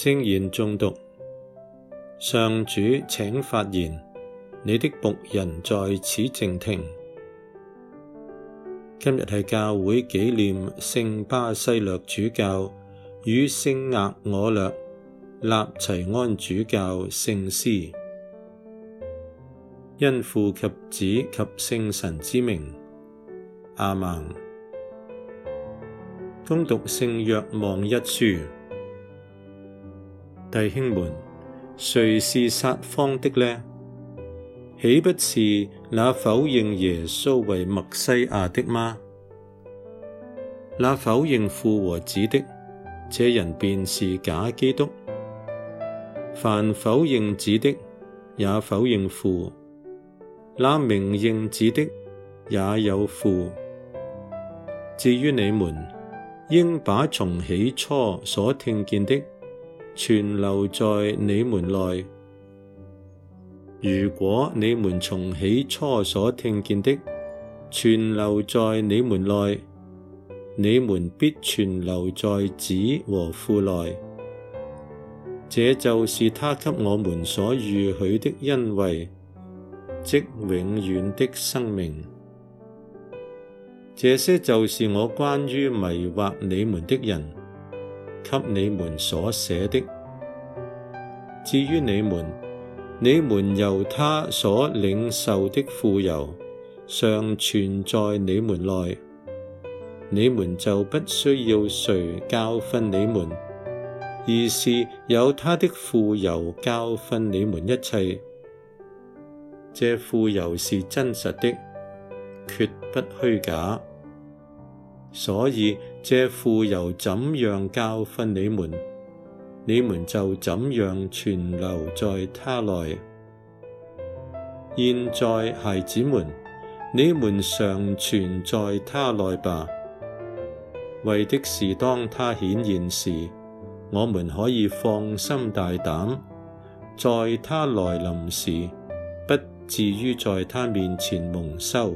聖言誦讀，上主，請發言，你的僕人在此靜聽。今日係教會紀念聖巴西略主教與聖額我略納齊安主教聖師，因父及子及聖神之名，阿門。恭讀聖若望一書。弟兄們，誰是撒謊的呢？豈不是那否認耶穌為默西亞的嗎？那否認父和子的，這人便是假基督。凡否認子的，也否認父；那明認子的，也有父。至於你們，應把從起初所聽見的。存留在你們內。如果你們從起初所聽見的，存留在你們內，你們必存留在子和父內。這就是他給我們所預許的恩惠，即永遠的生命。這些就是我關於迷惑你們的人。給你們所寫的。至於你們，你們由他所領受的傅油，常存在你們內，你們就不需要誰教訓你們，而是有他的傅油教訓你們一切。這傅油是真實的，決不虛假。所以這傅油怎樣教訓你們，你們就怎樣存留在他內。現在孩子們，你們常存在他內吧，為的是當他顯現時，我們可以放心大膽，在他來臨時，不至於在他面前蒙羞。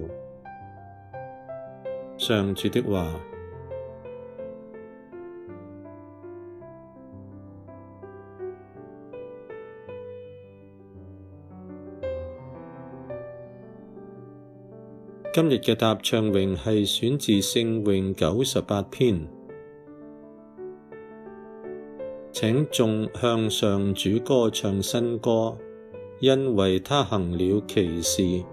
上主的話，今日嘅答唱詠係選自聖詠九十八篇，請眾向上主歌唱新歌，因為他行了奇事，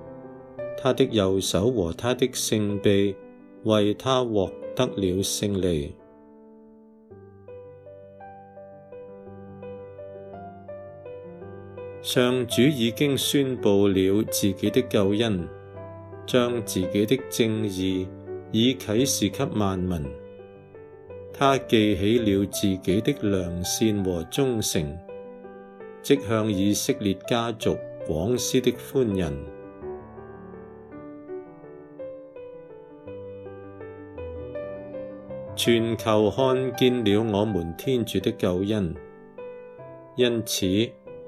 他的右手和他的聖臂。為他獲得了勝利。上主已經宣布了自己的救恩，將自己的正義已啟示給萬民。他記起了自己的良善和忠誠，即向以色列家族廣施的寬仁。全球看見了我們天主的救恩，因此，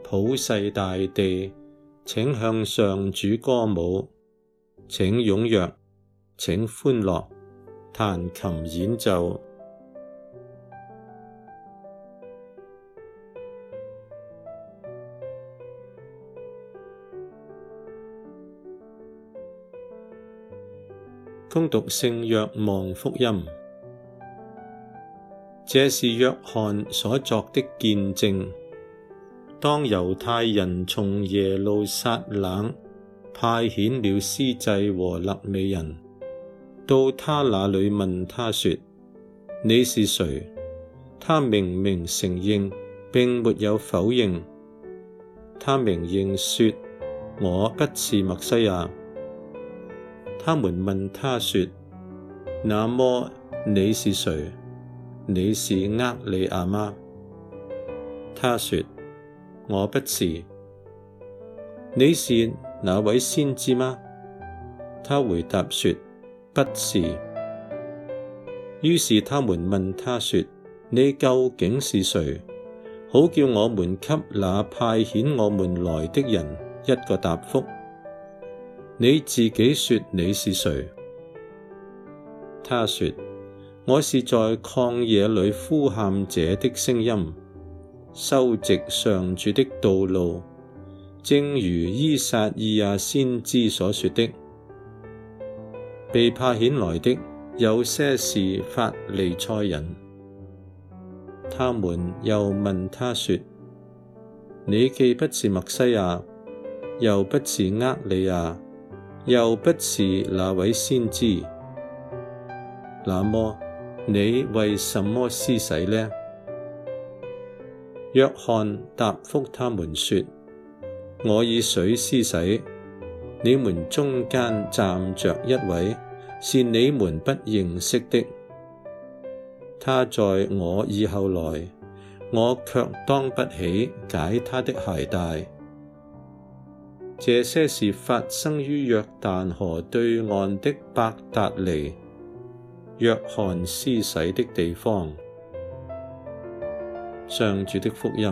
普世大地請向上主歌舞，請踴躍，請歡樂，彈琴演奏。恭讀聖若望福音。這是若翰所作的見證。當猶太人從耶路撒冷派遣了司祭和肋未人到他那裡問他說：你是誰？他明明承認，並沒有否認。他明認說：我不是默西亞。他們問他說：那麼你是誰？你是厄里亞嗎？他說：我不是。你是那位先知嗎？他回答說：不是。於是他們問他說：你究竟是誰？好叫我們給那派遣我們來的人一個答覆。你自己說你是誰？他說。我是在曠野裡呼喊者的聲音，修直上主的道路，正如依撒意亞先知所說的。被派遣來的有些是法利賽人，他們又問他說：你既不是默西亞，又不是厄里亞，又不是那位先知，那麼，你為什麼施洗呢？若翰答覆他們說：我以水施洗，你們中間站着一位是你們不認識的，他在我以後來，我卻當不起解他的鞋帶。這些事發生於約旦河對岸的伯達尼。若翰施洗的地方，上主的福音。